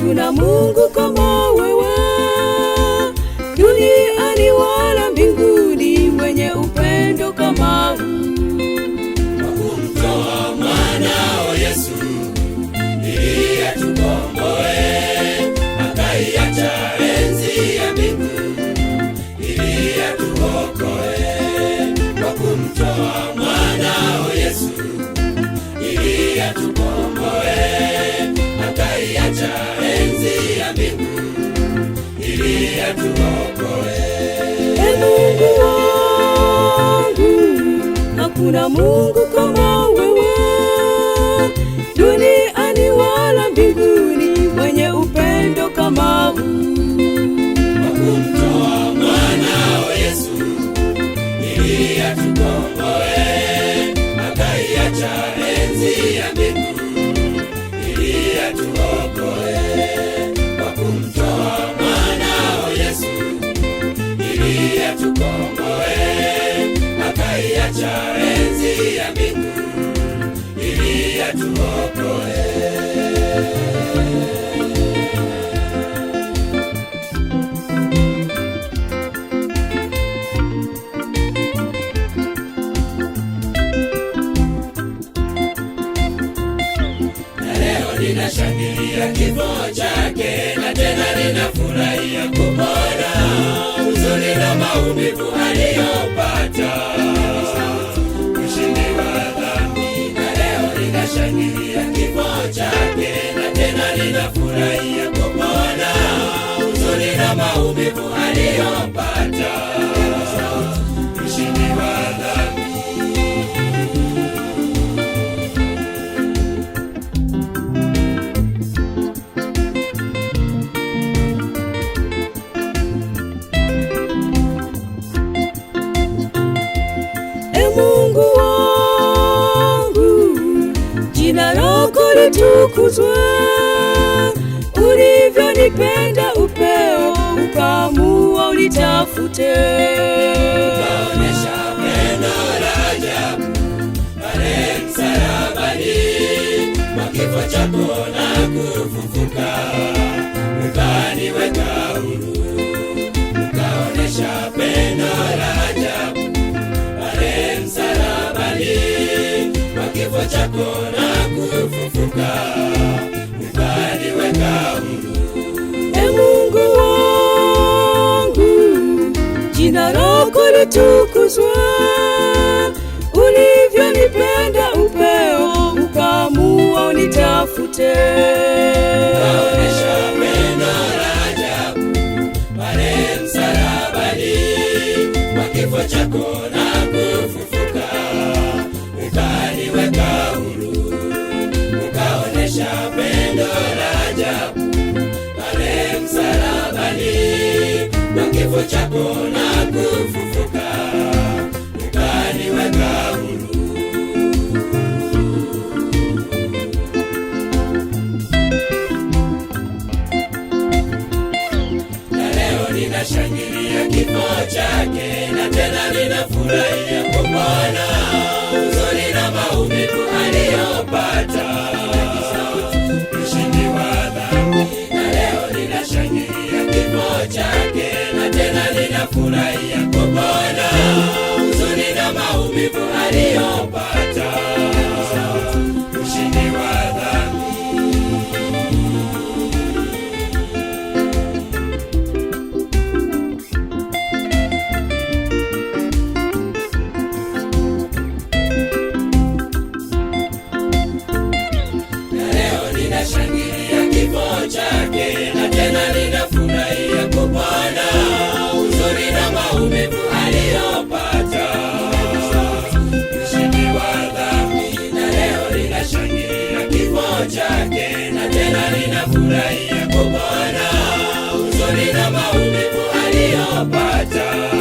tuna Mungu kama wewe, duniani wala mbinguni, mwenye upendo elimu ili Mungu kama wewe duniani wala mbinguni, mwenye upendo kama huu Yesu ili atukomboe. cha enzi ya mbingu ili leo ninashangilia kifo chake na tena ninafurahia kupona huzuni na maumivu anafurahia kwa Bwana uzuri na maumivu aliyopata, mshindi wa dhambi. E Mungu wangu, jina lako litukuzwe ulivyonipenda upeo, ukaamua ulitafute. Ukaonyesha pendo la ajabu pale msalabani, kwa kifo chako na kufufuka ukaniweka huru. Ukaonyesha pendo la ajabu pale msalabani, kwa kifo chako na kufufuka jina lako litukuzwe, ulivyonipenda upeo, ukaamua unitafute kifo chako na kufufuka ukaniweka huru. Na leo ninashangilia kifo chake na tena ninafurahia kwa Bwana huzuni na maumivu ninashangilia kifo chake na tena ninafurahia kupona uzuri na maumivu aliyopata. dhambi na leo ninashangilia kifo chake na tena ninafurahia kupona uzuri na maumivu aliyopata.